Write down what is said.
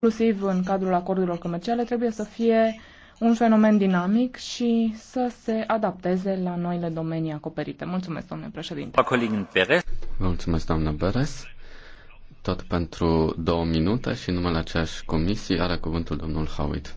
inclusiv în cadrul acordurilor comerciale, trebuie să fie un fenomen dinamic și să se adapteze la noile domenii acoperite. Mulțumesc, domnule președinte. Vă mulțumesc, doamnă Beres. Tot pentru două minute și numele aceeași comisie are cuvântul domnul Howitt.